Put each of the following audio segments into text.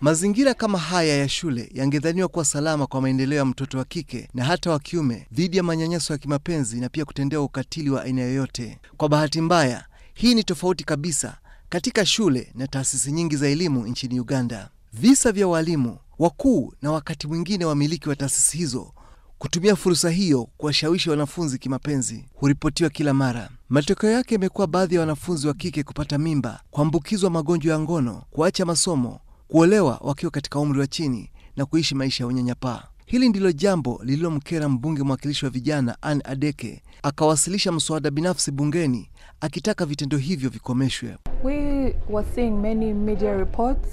Mazingira kama haya ya shule yangedhaniwa kuwa salama kwa maendeleo ya mtoto wa kike na hata wa kiume dhidi ya manyanyaso ya kimapenzi na pia kutendewa ukatili wa aina yoyote. Kwa bahati mbaya, hii ni tofauti kabisa katika shule na taasisi nyingi za elimu nchini Uganda. Visa vya walimu wakuu na wakati mwingine wamiliki wa taasisi hizo kutumia fursa hiyo kuwashawishi wanafunzi kimapenzi huripotiwa kila mara. Matokeo yake yamekuwa baadhi ya wanafunzi wa kike kupata mimba, kuambukizwa magonjwa ya ngono, kuacha masomo kuolewa wakiwa katika umri wa chini na kuishi maisha ya unyanyapaa. Hili ndilo jambo lililomkera mbunge mwakilishi wa vijana Anne Adeke. Akawasilisha mswada binafsi bungeni akitaka vitendo hivyo vikomeshwe. We were seeing many media reports.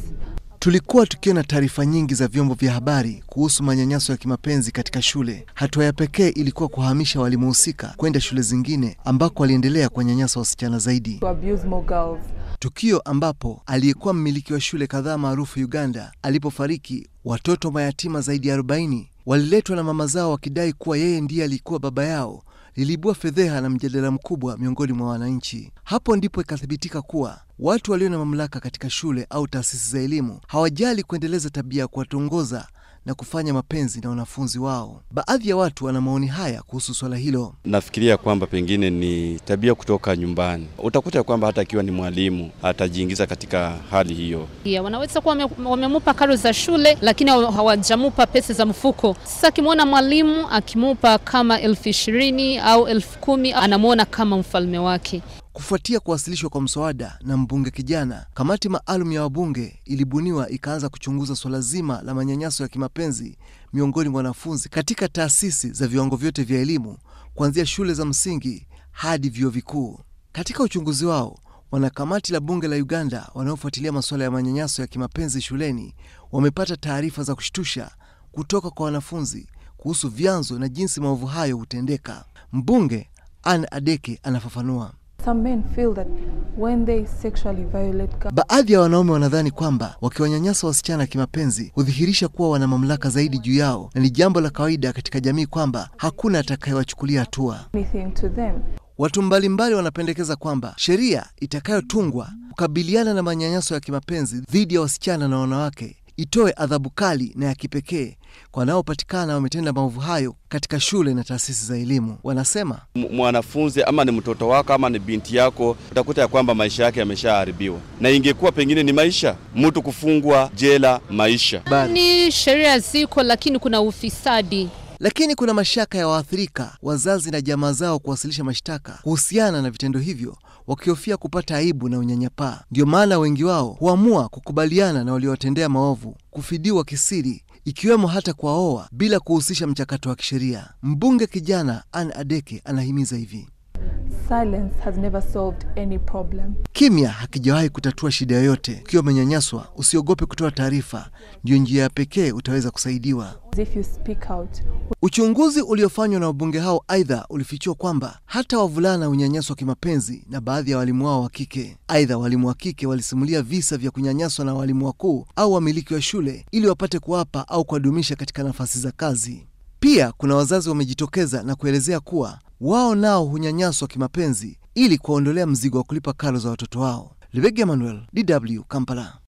Tulikuwa tukiona taarifa nyingi za vyombo vya habari kuhusu manyanyaso ya kimapenzi katika shule. Hatua ya pekee ilikuwa kuhamisha walimu husika kwenda shule zingine ambako waliendelea kuwanyanyasa wasichana zaidi. To abuse more girls tukio ambapo aliyekuwa mmiliki wa shule kadhaa maarufu Uganda alipofariki, watoto mayatima zaidi ya 40 waliletwa na mama zao wakidai kuwa yeye ndiye alikuwa baba yao, liliibua fedheha na mjadala mkubwa miongoni mwa wananchi. Hapo ndipo ikathibitika kuwa watu walio na mamlaka katika shule au taasisi za elimu hawajali kuendeleza tabia ya kuwatongoza na kufanya mapenzi na wanafunzi wao. Baadhi ya watu wana maoni haya kuhusu swala hilo. Nafikiria kwamba pengine ni tabia kutoka nyumbani. Utakuta kwamba hata akiwa ni mwalimu atajiingiza katika hali hiyo. Yeah, wanaweza kuwa wamemupa karo za shule, lakini hawajamupa pesa za mfuko. Sasa akimwona mwalimu akimupa kama elfu ishirini au elfu kumi anamwona kama mfalme wake. Kufuatia kuwasilishwa kwa mswada na mbunge kijana, kamati maalum ya wabunge ilibuniwa ikaanza kuchunguza swala zima la manyanyaso ya kimapenzi miongoni mwa wanafunzi katika taasisi za viwango vyote vya elimu kuanzia shule za msingi hadi vyuo vikuu. Katika uchunguzi wao, wanakamati la bunge la Uganda wanaofuatilia masuala ya manyanyaso ya kimapenzi shuleni wamepata taarifa za kushtusha kutoka kwa wanafunzi kuhusu vyanzo na jinsi maovu hayo hutendeka. Mbunge Anne Adeke anafafanua. Some men feel that when they sexually violate... Baadhi ya wanaume wanadhani kwamba wakiwanyanyasa wasichana kimapenzi hudhihirisha kuwa wana mamlaka zaidi juu yao na ni jambo la kawaida katika jamii kwamba hakuna atakayewachukulia hatua. Watu mbalimbali wanapendekeza kwamba sheria itakayotungwa kukabiliana na manyanyaso ya kimapenzi dhidi ya wasichana na wanawake itoe adhabu kali na ya kipekee kwa wanaopatikana wametenda maovu hayo katika shule na taasisi za elimu. Wanasema mwanafunzi ama ni mtoto wako ama ni binti yako, utakuta ya kwamba maisha yake yameshaharibiwa, na ingekuwa pengine ni maisha, mtu kufungwa jela maisha. Ni sheria ziko, lakini kuna ufisadi lakini kuna mashaka ya waathirika, wazazi na jamaa zao kuwasilisha mashtaka kuhusiana na vitendo hivyo, wakihofia kupata aibu na unyanyapaa. Ndiyo maana wengi wao huamua kukubaliana na waliowatendea maovu, kufidiwa kisiri ikiwemo hata kuwaoa bila kuhusisha mchakato wa kisheria. Mbunge kijana ann Adeke anahimiza hivi: Silence has never solved any problem. Kimya hakijawahi kutatua shida yoyote. Ukiwa umenyanyaswa, usiogope kutoa taarifa, ndiyo njia ya pekee utaweza kusaidiwa. If you speak out. Uchunguzi uliofanywa na wabunge hao aidha ulifichua kwamba hata wavulana unyanyaswa kimapenzi na baadhi ya walimu wao wa kike. Aidha, walimu wa kike walisimulia visa vya kunyanyaswa na walimu wakuu au wamiliki wa shule ili wapate kuwapa au kuwadumisha katika nafasi za kazi. Pia kuna wazazi wamejitokeza na kuelezea kuwa wao nao hunyanyaswa kimapenzi ili kuwaondolea mzigo wa kulipa karo za watoto wao. Lebega Emmanuel, DW, Kampala.